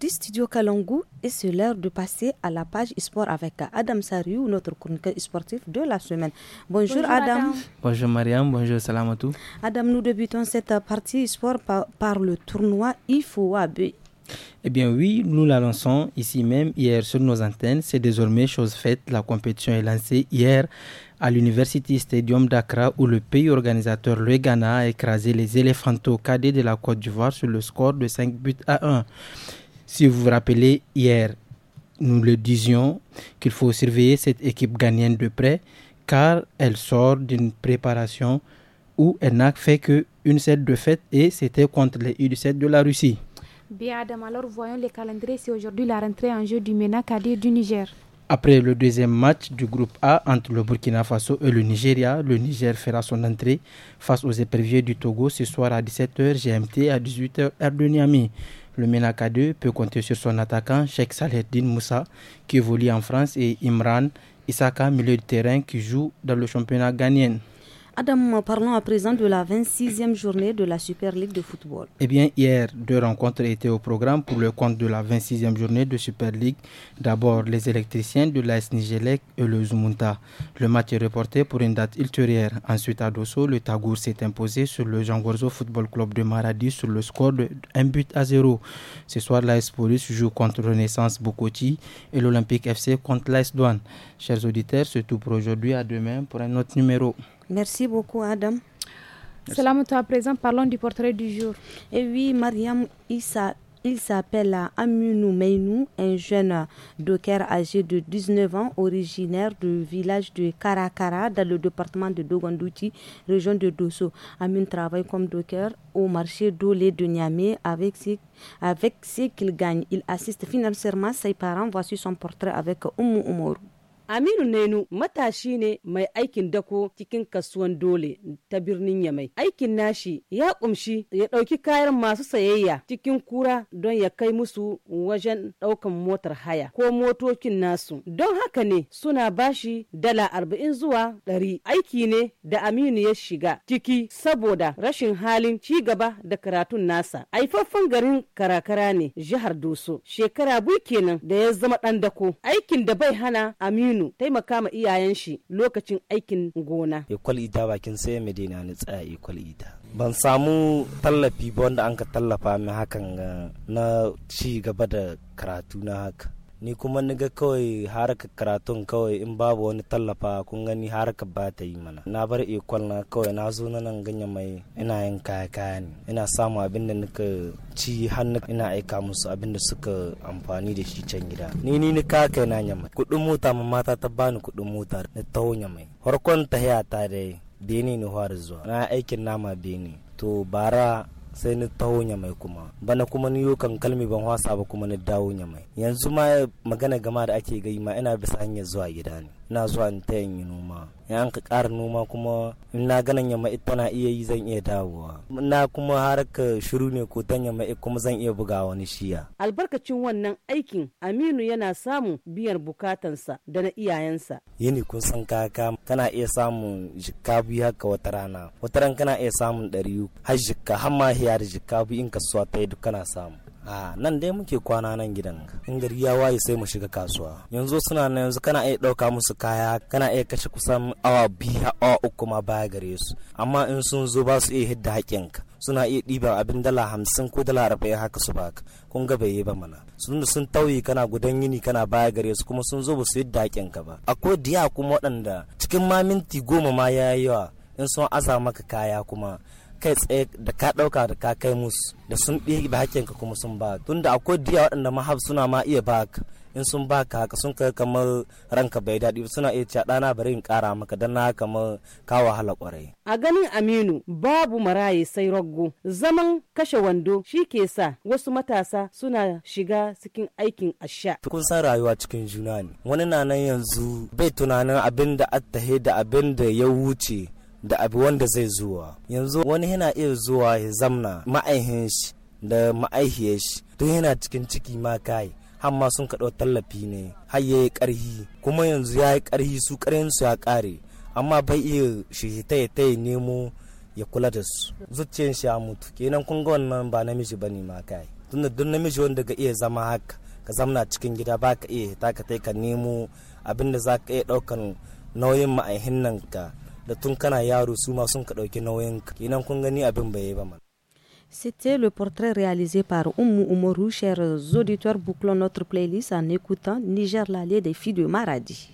du studio Kalangu et c'est l'heure de passer à la page sport avec Adam Sariou, notre chroniqueur sportif de la semaine. Bonjour, Adam. Bonjour Mariam, bonjour Salamatou. Adam, nous débutons cette partie sport par, le tournoi IFOAB. Eh bien oui, nous la lançons ici même hier sur nos antennes. C'est désormais chose faite. La compétition est lancée hier à l'University Stadium d'Accra où le pays organisateur, le Ghana, a écrasé les éléphantaux cadets de la Côte d'Ivoire sur le score de 5 buts à 1. Si vous vous rappelez, hier, nous le disions qu'il faut surveiller cette équipe ghanéenne de près car elle sort d'une préparation où elle n'a fait qu'une de défaite et c'était contre les U17 de la Russie. Bien Adam, alors voyons les calendriers. C'est aujourd'hui la rentrée en jeu du du Niger. Après le deuxième match du groupe A entre le Burkina Faso et le Nigeria, le Niger fera son entrée face aux éperviers du Togo ce soir à 17h GMT à 18h heure de Niamey. Le Menaka 2 peut compter sur son attaquant Sheikh Saleddin Moussa qui évolue en France et Imran Isaka, milieu de terrain, qui joue dans le championnat ghanéen. Adam, parlons à présent de la 26e journée de la Super League de football. Eh bien, hier, deux rencontres étaient au programme pour le compte de la 26e journée de Super League. D'abord, les électriciens de l'AS Nigelec et le Zumunta. Le match est reporté pour une date ultérieure. Ensuite, à Dosso, le Tagour s'est imposé sur le Jean Football Club de Maradi sur le score de 1 but à 0. Ce soir, l'AS Police joue contre Renaissance Bokoti et l'Olympique FC contre l'AS Douane. Chers auditeurs, c'est tout pour aujourd'hui. À demain pour un autre numéro. Merci beaucoup, Adam. me à présent, parlons du portrait du jour. Et eh oui, Mariam il s'appelle Aminou Meinou, un jeune docker âgé de 19 ans, originaire du village de Karakara, dans le département de Dogondouti, région de Dosso. Amin travaille comme docker au marché d'Olé de Niamey avec ce qu'il gagne. Il assiste financièrement ses parents. Voici son portrait avec Oumu Oumourou. Aminu Nenu matashi ne mai aikin dako cikin kasuwan dole ta birnin Yamai. Aikin nashi ya kumshi ya ɗauki kayan masu sayayya cikin kura don ya kai musu wajen ɗaukan motar haya ko motokin nasu. Don haka ne suna bashi dala arba'in zuwa ɗari. Aiki ne da Aminu ya shiga ciki saboda rashin halin ci gaba da karatun nasa. Aifaffen garin karakara ne jihar Doso. Shekara biyu kenan da ya zama ɗan dako. Aikin da bai hana Aminu Aminu taimaka ma iyayen shi lokacin aikin gona. Ikwal ida bakin sai Medina ni tsaya ikwal ida. Ban samu tallafi ba wanda an ka tallafa min hakan na ci gaba da karatu na haka. ni kuma niga kawai haraka karatun kawai in babu wani tallafa kun gani haraka ba ta yi mana na bar ikon na kawai na zo na nan ganye mai ina yin kaya kaya ne ina samu abin da nika ci hannu ina aika musu abin da suka amfani da shi can gida ni ni ni ka kai na nyamai kudin mota ma mata ta bani kudin mota na taho nyamai farkon ta ta dai bene ni fara zuwa na aikin nama bene to bara sai ni taho mai kuma bana kuma ni kan kalmi ban wasa ba kuma ni dawo mai yanzu ma magana gama da ake gai ma ina bisa hanyar zuwa gida ne na zuwa in ta yin noma in ka ƙara noma kuma in na ganin yamma ita na iya yi zan iya dawowa na kuma harka shiru ne ko ta yamma kuma zan iya buga wani shiya albarkacin wannan aikin aminu yana samun biyan bukatansa da na iyayensa yini kun san kaka kana iya samun jikka biyu haka wata rana wata ran kana iya samun ɗari har jikka har ma hiyar jikka biyu in kasuwa ta yi duk kana samu a nan dai muke kwana nan gidan in gari ya waye sai mu shiga kasuwa yanzu suna nan yanzu kana iya ɗauka musu kaya kana iya kashe kusan awa biyu awa uku ma baya gare su amma in sun zo ba su iya hidda haƙƙinka suna iya ɗiba abin dala hamsin ko dala arba'in haka su baka kun ga bai yi ba mana sun sun tauye kana gudan yini kana baya gare su kuma sun zo ba su yi dakin ka ba akwai diya kuma waɗanda cikin ma minti goma ma ya yi yawa in sun aza maka kaya kuma kai tsaye da ka ɗauka da ka kai musu da sun ba hakinka kuma sun ba tunda akwai diya waɗanda mahab suna ma iya baka in sun baka haka sun kai kamar ranka bai daɗi suna iya cewa ɗana bari in ƙara maka dan na kamar ka hala ƙwarai. A ganin Aminu babu maraye sai raggo zaman kashe wando shi ke sa wasu matasa suna shiga cikin aikin asha. Kun san rayuwa cikin juna ne wani na nan yanzu bai tunanin abin da attahe da abin da ya wuce da abu wanda zai zuwa yanzu wani yana iya zuwa ya zamna ma'aihin shi da ma'aihiyar shi don yana cikin ciki ma kai har sun kaɗo tallafi ne har ya yi ƙarhi kuma yanzu ya yi ƙarhi su ƙarhin su ya ƙare amma bai iya shi ta ya nemo ya kula da su zuciyar shi ya mutu kenan kun ga wannan ba namiji ba ne ma kai tunda duk namiji wanda ga iya zama haka ka zamna cikin gida ba ka iya hita ka ka nemo abin da za ka iya ɗaukan nauyin ma'aihin nan ka C'était le portrait réalisé par Oumu Oumourou. Chers auditeurs, bouclons notre playlist en écoutant Niger l'allée des filles de Maradi.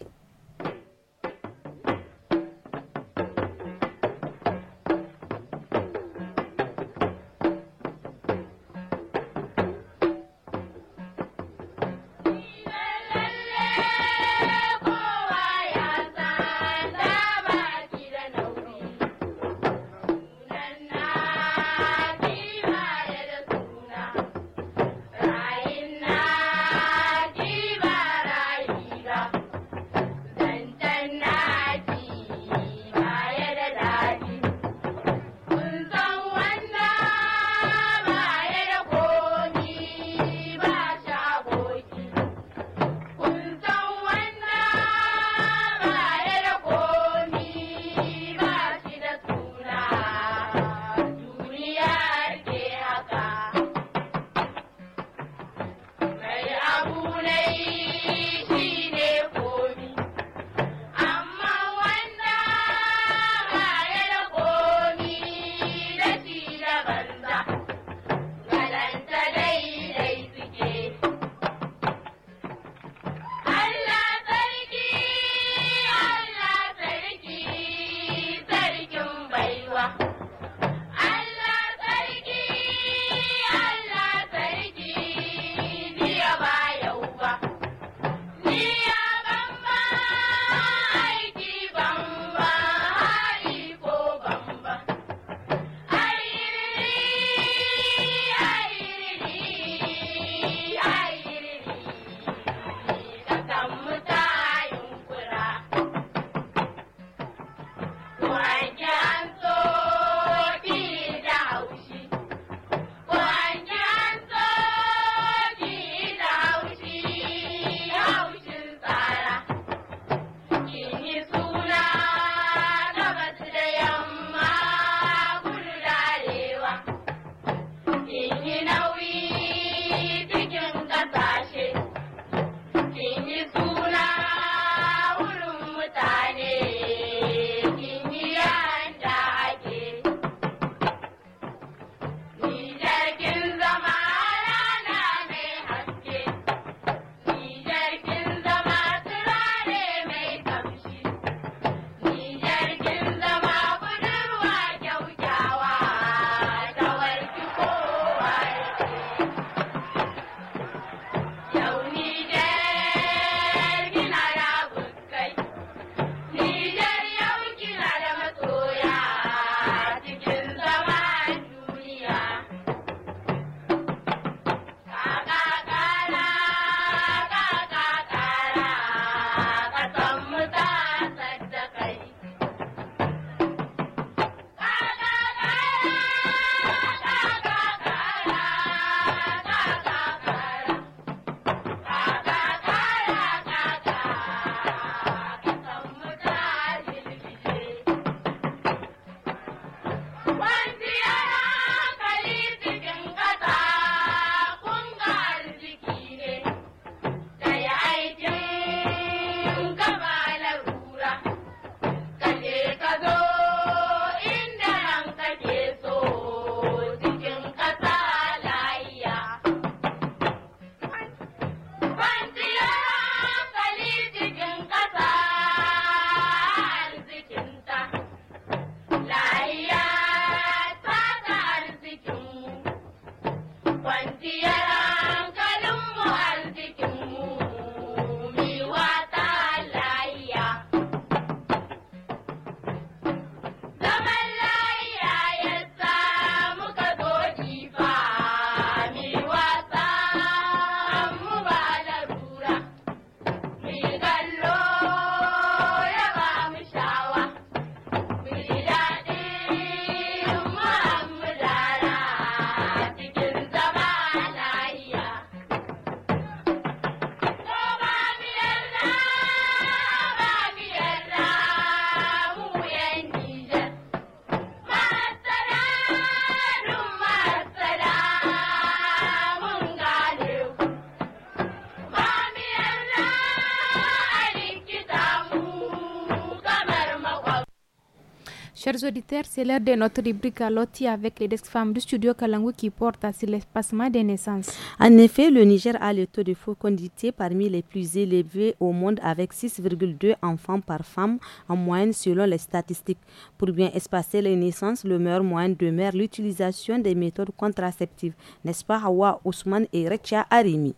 auditeurs, c'est l'heure de notre rubrique à Loti avec les desk femmes du studio Kalangu qui porte sur l'espacement des naissances. En effet, le Niger a le taux de fécondité parmi les plus élevés au monde avec 6,2 enfants par femme en moyenne selon les statistiques. Pour bien espacer les naissances, le meilleur moyen demeure l'utilisation des méthodes contraceptives, n'est-ce pas Hawa Ousmane et Rekia Arimi.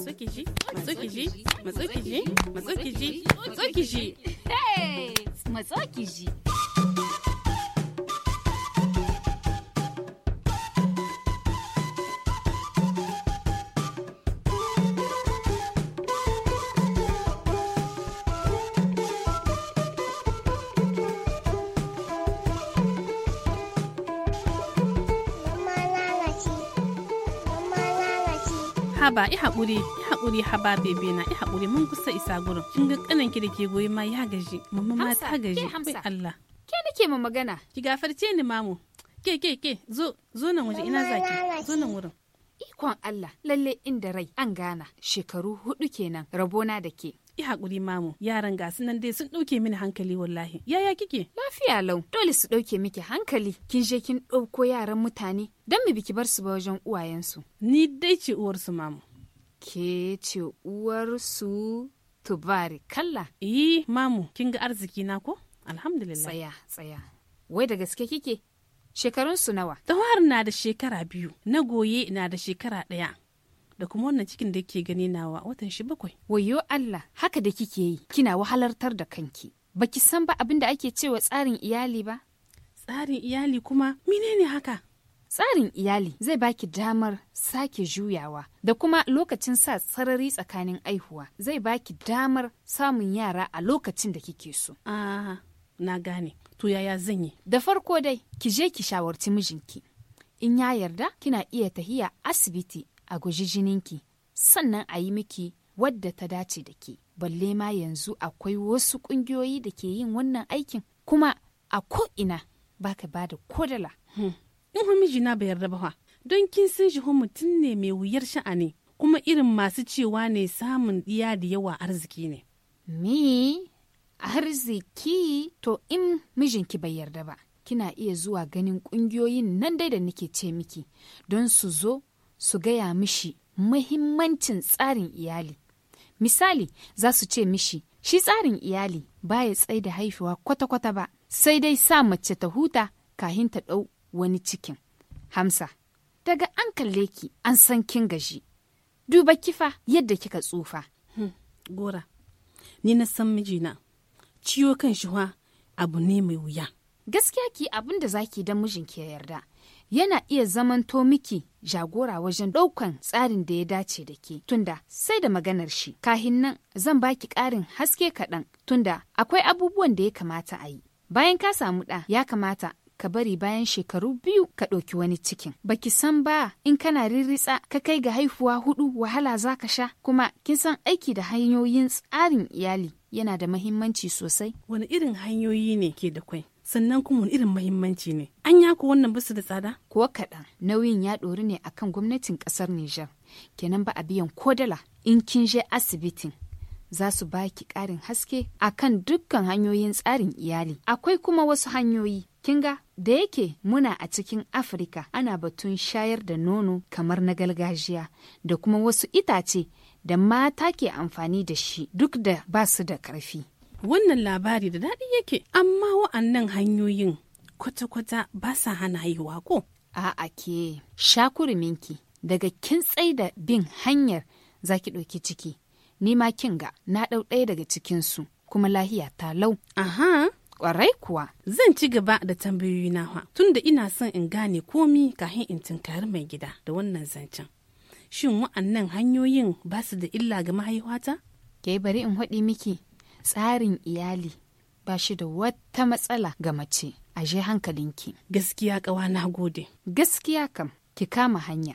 matso ki ji matso haba i haƙuri i haƙuri haba bebe na i haƙuri mun kusa isa gurin kin ga kanan ki da ke goyi ma ya gaji mamma ma ta gaji kai Allah ke nake ma magana ki gafarce ni mamu ke ke ke zo zo nan waje ina zaki zo nan wurin ikon Allah lalle inda rai an gana shekaru hudu kenan rabona da ke yi hakuri mamu yaran ga sunan dai sun ɗauke mini hankali wallahi yaya kike lafiya lau dole su ɗauke miki hankali kin je kin ɗauko yaran mutane don mu biki bar su ba wajen uwayensu ni dai ce su mamu ke ce tubari kalla. yi mamu kin ga arziki na ko alhamdulillah tsaya tsaya wai da gaske kike shekarun su nawa tawar na da shekara biyu na goye na da shekara ɗaya da kuma wannan cikin da ke gani nawa watan shi bakwai wayo Allah haka da kike yi kina wahalartar da kanki baki san ba abin da ake cewa tsarin iyali ba tsarin iyali kuma menene haka tsarin iyali zai baki damar sake juyawa da kuma lokacin sa sarari tsakanin aihuwa zai baki damar samun yara a lokacin da kike so ah na gane to yaya zan yi da farko dai ki je ki shawarci mijinki in ya yarda kina iya tahiya asibiti a guji jininki sannan a yi miki wadda ta dace da ke balle ma yanzu akwai wasu ƙungiyoyi da ke yin wannan aikin kuma a ko'ina ba ka ba da kodala. Hmm. in mijina bayar da ba don kin san shi mutum ne mai wuyar sha'ani kuma irin masu cewa ne samun ɗiya da yawa arziki ne. Me? Arziki? To in mijinki bai yarda ba, kina iya zuwa ganin ƙungiyoyin nan dai da nake ce miki don su zo su gaya mishi mahimmancin tsarin iyali. Misali, za su ce mishi, shi tsarin iyali ba ya tsai da haifuwa kwata-kwata ba, sai dai sa mace ta huta kahin ta ɗau wani cikin. Hamsa, daga an kalle ki an san kin gaji. Duba kifa yadda kika tsufa. Hmm, gora, ni na san mijina, ciwo kan shi abu ne mai wuya. Gaskiya ki abin da zaki don mijinki ya yarda. yana iya zamanto miki jagora wajen ɗaukan tsarin da ya dace da ke tunda sai da maganar shi kahin nan zan baki ƙarin haske kaɗan tunda akwai abubuwan da ya kamata a yi bayan ka samu ɗa ya kamata ka bari bayan shekaru biyu ka ɗauki wani cikin baki san ba in kana riritsa ka kai ga haihuwa hudu wahala za ka sha kuma kin san aiki da hanyoyin tsarin iyali yana da mahimmanci sosai wani irin hanyoyi ne ke da kwai sannan kuma wani irin mahimmanci ne an ya ku wannan basu da tsada ko kaɗan nauyin ya ɗori ne akan gwamnatin ƙasar Nijar kenan ba a biyan ko dala in kin je asibitin za su baki ƙarin haske akan dukkan hanyoyin tsarin iyali akwai kuma wasu hanyoyi kin ga da yake muna a cikin afirka ana batun shayar da nono kamar na gargajiya da kuma wasu itace da mata ke amfani da shi duk da ba su da ƙarfi wannan labari da daɗi yake amma wa'annan hanyoyin kwata-kwata ba sa hana haihuwa ko a'a ke shakuruminki daga kin da bin hanyar zaki ɗauki ciki ni ma kin ga na ɗau ɗaya daga cikinsu kuma lahiya ta lau aha kwarai kuwa. Zan ci gaba da tambayoyi nawa tunda ina son in gane komi kafin in tunkari mai gida da wannan zancen. Shin wa'annan hanyoyin ba su da illa ga mahaihuwata? Ke bari in haɗi miki tsarin iyali ba shi da wata matsala ga mace a je hankalinki. Gaskiya kawa na gode. Gaskiya kam ki kama hanya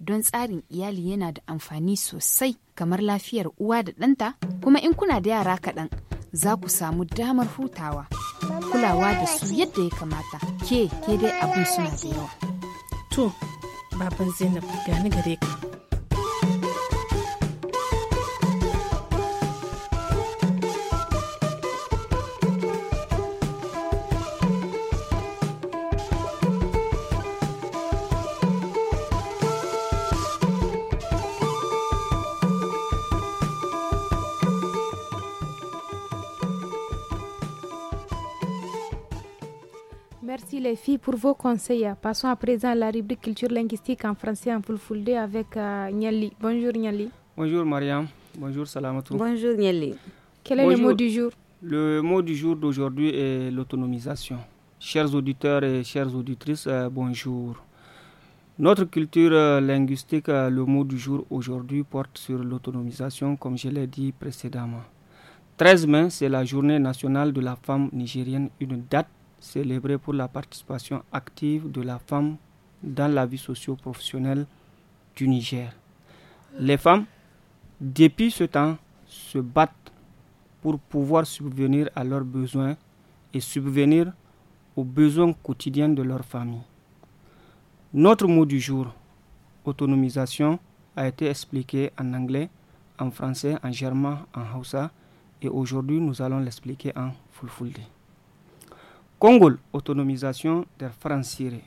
don tsarin iyali yana da amfani sosai kamar lafiyar uwa da ɗanta kuma in kuna da yara kaɗan za ku samu damar hutawa kulawa da su yadda ya kamata ke ke dai abin suna da yawa. To, baban Zainab gani gare ka. Merci les filles pour vos conseils. Passons à présent à la rubrique culture linguistique en français en fulfulde avec euh, Niali. Bonjour Nyali. Bonjour Mariam. Bonjour Salamatou. Bonjour Nyali. Quel est le mot du jour Le mot du jour d'aujourd'hui est l'autonomisation. Chers auditeurs et chères auditrices, euh, bonjour. Notre culture euh, linguistique, le mot du jour aujourd'hui porte sur l'autonomisation, comme je l'ai dit précédemment. 13 mai, c'est la journée nationale de la femme nigérienne, une date célébrée pour la participation active de la femme dans la vie socio-professionnelle du Niger. Les femmes, depuis ce temps, se battent pour pouvoir subvenir à leurs besoins et subvenir aux besoins quotidiens de leur famille. Notre mot du jour, autonomisation, a été expliqué en anglais, en français, en germain, en hausa, et aujourd'hui nous allons l'expliquer en fulfulde. konngol autonomisation nder franciré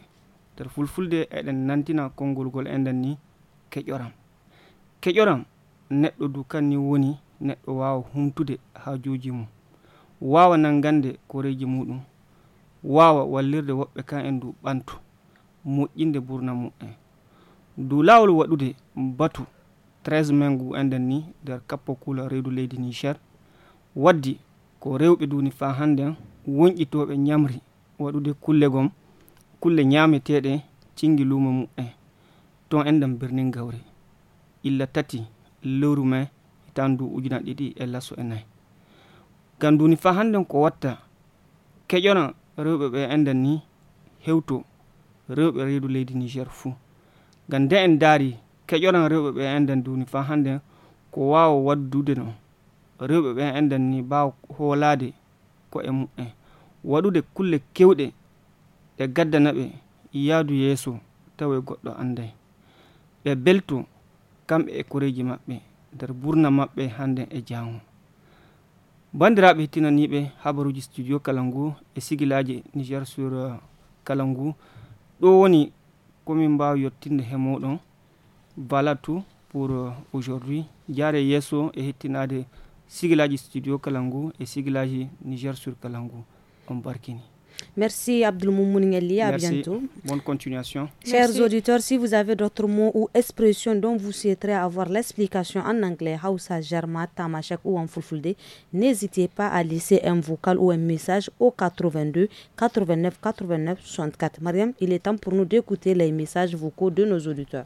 nder fulfulde eɗen nantina konngol ngol enɗen ni keƴoram keƴoram neɗɗo du kanni woni neɗɗo wawa humtude ha joji mum wawa nangande koreji muɗum wawa wallirde woɓɓe kan en du ɓantu moƴƴinde burna mum'en du lawol waɗude batu 13 mengu enɗen ni nder kappo kula rewdu leydi nicher waddi ko rewɓe duni fa handen wonƴitoɓe ñamri waɗude kulle gom kulle ñameteɗe cingi lumo mu'en ton endam birnin gawri illa tati lewru ma hitandu e ujuna ɗiɗi e lasso e nayyi gam duni fa handen ko watta keƴona rewɓe ɓe enden ni hewto rewɓe reedu leydi niger fuu gam nde en daari keƴona rewɓe ɓe enden duni fa handen ko waawa waddude no rewɓe ɓe enden ni baw hoolade ko e mu'en waɗude kulle kewɗe ɗe gaddana ɓe yahdu yeeso tawa goɗɗo anday ɓe belto kamɓe e koreji maɓɓe nder burna maɓɓe hande e jango bandiraɓe hettinaniɓe habaruji studio kala ngu e sigilaji niger sur kala ngu ɗo woni komin mbawi yottinde he moɗon valatu pour aujourd'hui jare yeeso e hettinade sigilaji studio kala ngu e sigilaji niger sur kala ngu Merci Abdul Mouningeli, à bientôt. Bonne continuation. Chers auditeurs, si vous avez d'autres mots ou expressions dont vous souhaiterez avoir l'explication en anglais, Hausa, Germa, Tamashek ou en n'hésitez pas à laisser un vocal ou un message au 82 89 89 64. Mariam, il est temps pour nous d'écouter les messages vocaux de nos auditeurs.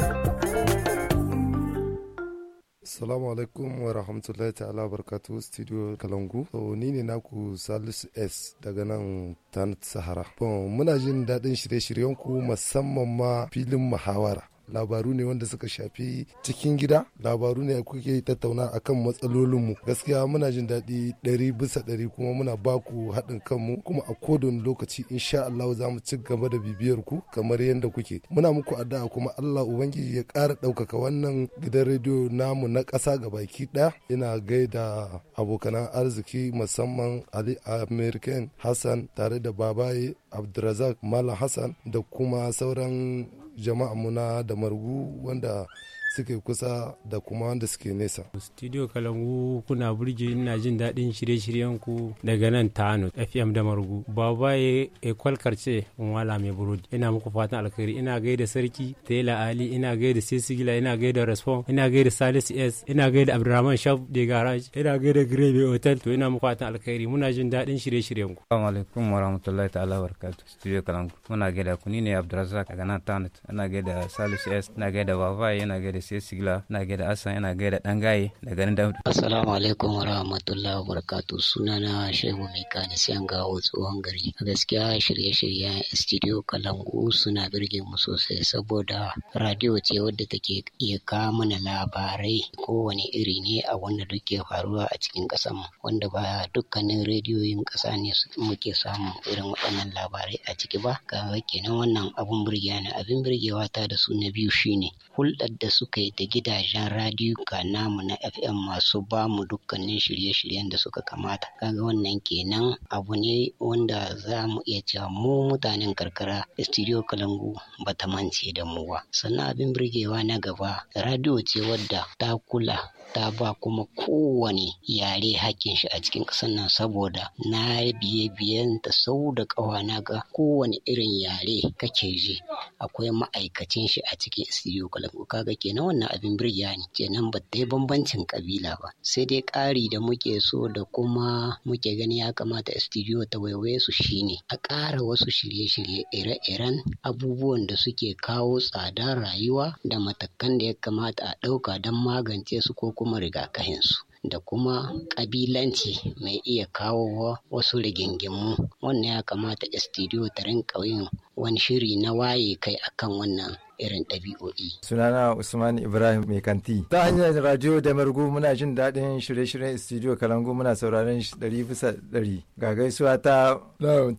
Assalamu alaikum wa rahmatullahi ta'ala barkatu studio Kalangu. So, ni ne naku Salisu S daga nan Tanit Sahara. Bon, muna jin daɗin shirye-shiryen ku musamman ma filin muhawara. labaru ne wanda suka shafi cikin gida labaru ne kuke tattauna akan matsalolinmu gaskiya muna jin daɗi ɗari bisa ɗari kuma muna baku haɗin kanmu kuma a kodon lokaci insha Allah za mu ci gaba da bibiyar ku kamar yadda kuke muna muku addu'a kuma Allah ubangiji ya ƙara ɗaukaka wannan gidan rediyo namu na ƙasa ga baki ɗaya ina gaida abokanan arziki musamman Ali American Hassan tare da babaye Abdulrazak Mala Hassan da kuma sauran jama'a muna da margu wanda suke kusa da kuma wanda suke nesa. Studio Kalangu kuna burge ina jin daɗin shirye-shiryen ku daga nan hannu FM da Margu. Baba ya ekwal kwalkarce in wala mai burodi. Ina muku fatan alkhairi ina gai da sarki Tela Ali ina gai da sisigila ina gai da Respon ina gai da Salis S ina gai da Abdurrahman Shab de Garage ina gai da Grebe Hotel to ina muku fatan alkhairi muna jin daɗin shirye-shiryen ku. Assalamu alaikum wa rahmatullahi ta'ala wa barakatuh. Studio Kalangu muna gai ku ni ne Abdurrazak daga nan hannu ina gai da Salis S ina gaida Baba ina da sai sigila na gaida asan yana gaida dan gaye da ganin da assalamu alaikum wa rahmatullahi wa barakatuh sunana shehu mai kani sayan gawo tsohon gari gaskiya shirye-shiryen studio kalangu suna birge mu sosai saboda radio ce wadda take iya ka mana labarai kowane iri ne a wanda duke faruwa a cikin ƙasar mu wanda ba dukkanin rediyoyin kasa ne muke samun irin waɗannan labarai a ciki ba ga kenan wannan abun birgewa ne abin birgewa ta da su na biyu shine hulɗar da su kai da gidajen ka namu na FM masu ba mu dukkanin shirye-shiryen da suka kamata. Kaga wannan kenan abu ne wanda za mu iya cewa mu mutanen karkara studio Kalangu ba ta mance da mu ba. Sannan abin birgewa na gaba radiyo ce wadda ta kula ta ba kuma kowane yare hakkin shi a cikin ƙasar nan saboda na biye biyan da sau da ƙawa na ga kowane irin yare kake ji akwai ma'aikacin shi a cikin studio kalangu kaga kenan wannan abin birgiya ne kenan ba ta yi bambancin kabila ba sai dai ƙari da muke so da kuma muke gani ya kamata studio ta waiwaye su shine a ƙara wasu shirye-shirye ire-iren abubuwan da suke kawo tsadar rayuwa da matakan da ya kamata a ɗauka don magance su ko kuma rigakahinsu da kuma kabilanci mai iya kawo wasu rigingimu wannan ya kamata studio ta rinka yin wani shiri na waye kai akan wannan irin ɗabi'o'i. Sunana Usman Ibrahim mai kanti. Ta hanyar radio da margu muna jin daɗin shirye-shiryen studio Kalangu muna sauraron ɗari bisa ɗari. Ga gaisuwa ta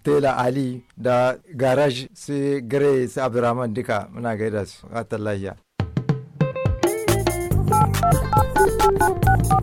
Tela Ali da Garaj sai Grace Abdurrahman duka muna gaida su. Fatan lahiya.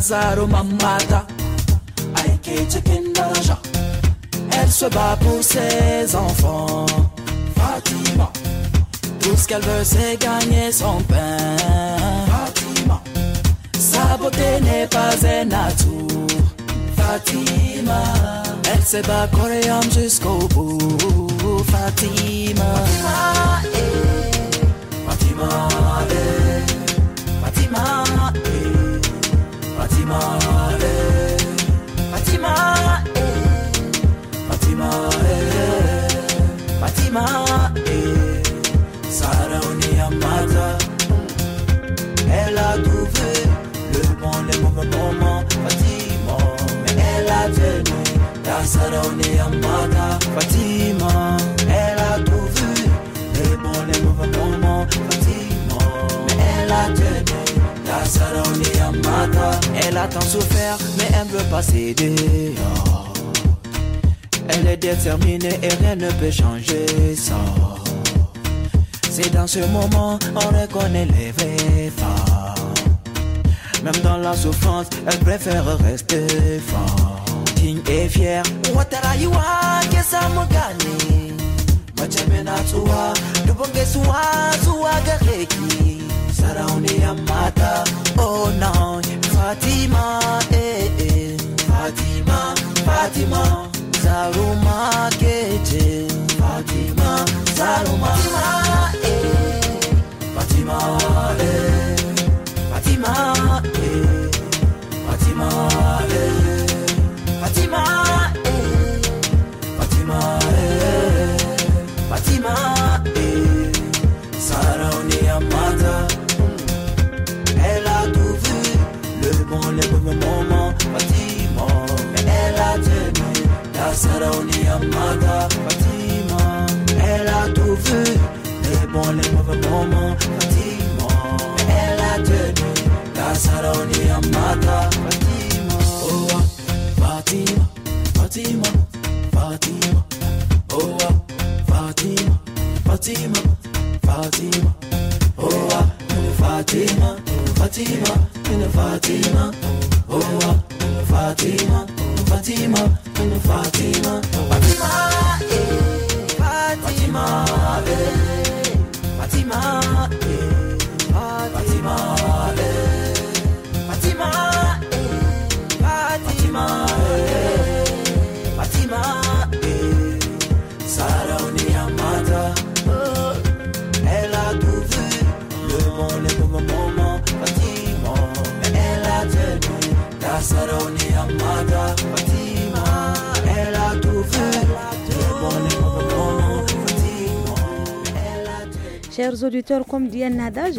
Lazaro Mamata Elle se bat pour ses enfants Fatima Tout ce qu'elle veut c'est gagner son pain Fatima Sa beauté n'est pas un atout Fatima Elle se bat hommes jusqu'au bout Fatima Fatima, eh. Fatima eh. Fatima, eh. Fatima, eh. Fatima, eh. Fatima, eh. Saraonia Mata, elle a trouvé le bon, le mauvais moment, Fatima, mais elle a tenu. Ta Saraonia Mata, Fatima, elle a trouvé le bon, le mauvais moment, Fatima, mais elle a tenu. Elle a tant souffert, mais elle ne veut pas céder. Oh. Elle est déterminée et rien ne peut changer ça. C'est dans ce moment, on reconnaît les vraies femmes. Même dans la souffrance, elle préfère rester forte Digne et fière. saraune ya mata ona oh, no. fatima eh, eh. fatima fatima zaruma kece fatima zaruma fatima. Sarauni Amada Fatima Elle a tout vu Les bons, les mauvais moments Fatima Elle a tenu La Sarauni Amada Fatima Oh ah. Fatima Fatima Fatima Oh ah. Fatima Fatima Fatima Oh ah. Fatima Fatima Fatima Oh Fatima Fatima Fatima, Fatima, eh, Fatima, eh, Fatima, eh, Fatima, eh, Fatima, eh, Fatima, eh, oh, eh Fatima, eh, Sarauni Amata, elle a tout le monde est pour moment, Fatima, elle a tenu, la Sarauni Amata. Chers auditeurs, comme dit un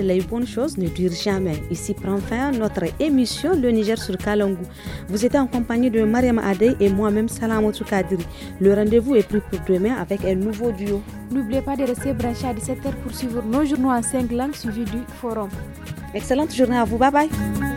les bonnes choses ne durent jamais. Ici prend fin notre émission Le Niger sur Kalangou. Vous êtes en compagnie de Mariam Adey et moi-même Salamotou Kadri. Le rendez-vous est pris pour demain avec un nouveau duo. N'oubliez pas de rester branché à 17h pour suivre nos journaux en 5 langues suivis du forum. Excellente journée à vous. Bye bye.